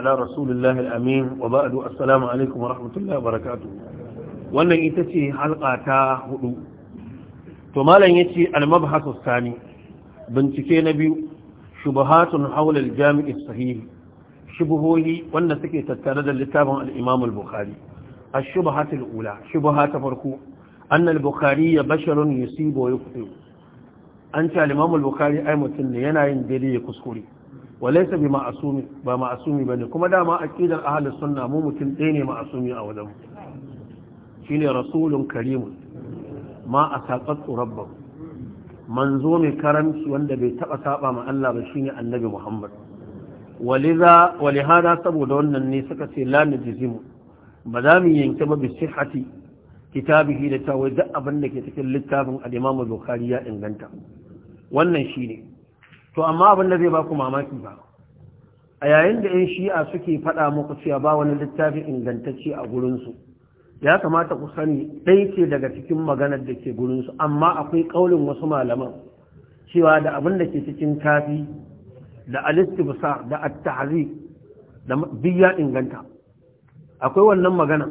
ala rasulullah al'amin barakatu wannan ita ce halka ta huɗu. to malam yace al-mabhasu sani bincike na biyu shubahatun hawla al-jami' as-sahih shubuhohi wanda suke tattare da littafin al-imam al-bukhari ash-shubahat ula shubaha ta farko anna al-bukhari basharun yusibu wa yukhti an ta al-imam al-bukhari ai mutun ne yana yin daidai ya kuskure walaysa bi ma'asumi ba ma'asumi bane kuma dama aqidar ahlus sunna mu mutum ɗaya ne ma'asumi a wajen shine rasulun Karimu ma asaqatu rabbahu manzo mai karamci wanda bai taba saba ma Allah ba shine annabi Muhammad waliza walihada saboda wannan ne suka ce la najzimu ba za mu yanke ba bi sihhati kitabihi da ta wai duk abin da ke cikin littafin al-Imam Bukhari ya inganta wannan shine to amma abin da zai ba ku mamaki ba a yayin da 'yan shi'a suke faɗa muku cewa ba wani littafi ingantacce a gurinsu ya kamata ku sani ɗai ce daga cikin maganar da ke gurinsu amma akwai ƙaunin wasu malaman cewa da abin da ke cikin kafi da alistibsa da attahari da biya inganta akwai wannan magana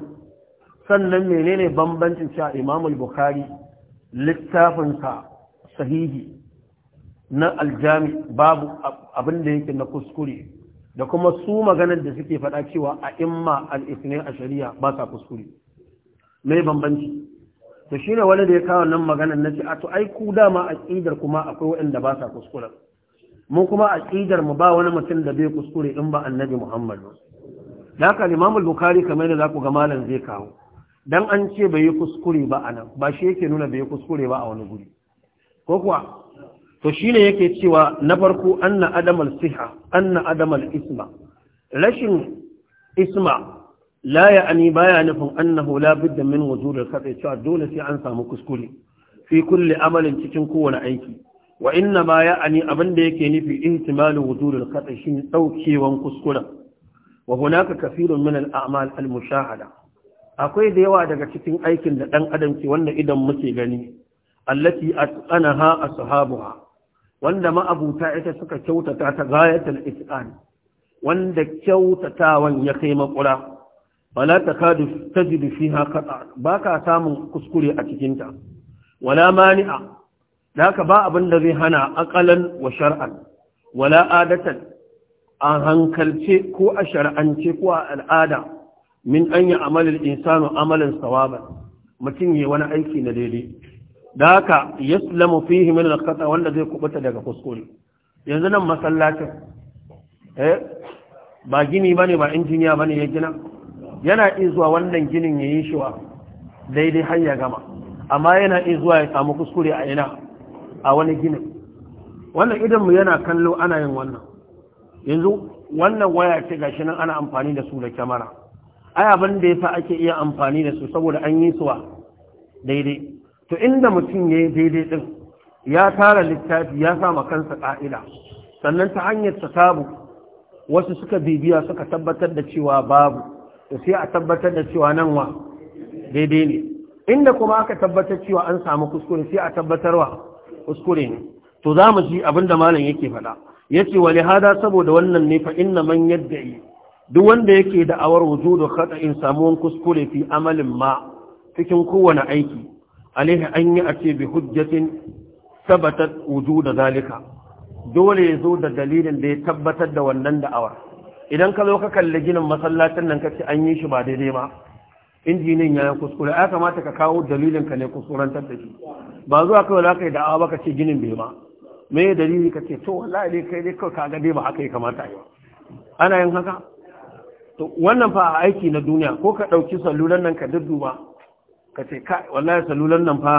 sannan menene bambancin cewa imamul bukhari littafinsa sahihi na aljami babu abin da yake na kuskure da kuma su maganar da suke faɗa cewa a imma al'isne a shari'a ba sa kuskure mai bambanci to shi ne wani da ya kawo nan maganar na ce a to ai ku dama a ƙidar kuma akwai waɗanda ba sa kuskure mun kuma a ƙidar mu ba wani mutum da bai kuskure in ba annabi muhammad da haka limamul bukari kamar da za ku ga malam zai kawo dan an ce bai yi kuskure ba a nan ba shi yake nuna bai yi kuskure ba a wani guri ko kuwa to shi ne yake cewa na farko anna adamal siha anna adamal isma rashin isma la baya nufin annahu la budda min wujud al cewa dole sai an samu kuskure fi kulli amalin cikin kowane aiki wa inna ma ani abin da yake nufi ihtimalu wujud al shine daukewan kuskuren wa hunaka kathirun min al-a'mal al-mushahada akwai da yawa daga cikin aikin da dan adam ke wanda idan muke gani allati atqanaha ashabuha wanda ma'abuta ita suka kyautata ta gayatul itqan wanda kyautatawan ya kai makura wala takadu tajidu haka qata baka samun kuskure a cikin ta wala mani'a haka ba abin da zai hana aqalan wa shar'an wala adatan a hankalce ko a shar'ance ko a al'ada min an yi amalin insanu amalin sawaban mutum yi wani aiki na daidai da haka yaslamu fihi min al-khata wanda zai kubuta daga kuskure yanzu nan masallacin eh ba gini bane ba injiniya bane ya gina yana izuwa wannan ginin yayi yi wa daidai har ya gama amma yana izuwa ya samu kuskure a ina a wani ginin wannan idan mu yana kallo ana yin wannan yanzu wannan waya ce gashi nan ana amfani da su da kyamara ai abin da yasa ake iya amfani da su saboda an yi suwa daidai to inda mutum ya yi daidai ɗin ya tara littafi ya sama kansa ƙa'ida sannan ta hanyar tasabu wasu suka bibiya suka tabbatar da cewa babu to sai a tabbatar da cewa nan wa daidai ne inda kuma aka tabbatar cewa an samu kuskure sai a tabbatarwa kuskure ne to za mu ji abin da malam yake faɗa ya ce wa lihada saboda wannan ne fa inna man yadda duk wanda yake da awar da'awar wujudu khata'in samuwan kuskure fi amalin ma cikin kowane aiki alaihi an yi a ce bi hujjatin tabbatar da zalika dole ya zo da dalilin da ya tabbatar da wannan da'awar idan ka zo ka kalli ginin masallacin nan kace an yi shi ba daidai ba injinin ya kuskure ya kamata ka kawo dalilin ka ne kuskurantar da shi ba zuwa kawai za ka yi da'awa ba ka ce ginin bai ma me dalili ka ce to wallahi dai kai dai kawai ka ga dai ba haka ya kamata yi ana yin haka to wannan fa a aiki na duniya ko ka ɗauki salulan nan ka dudduba ka ce ka wallahi salulan nan fa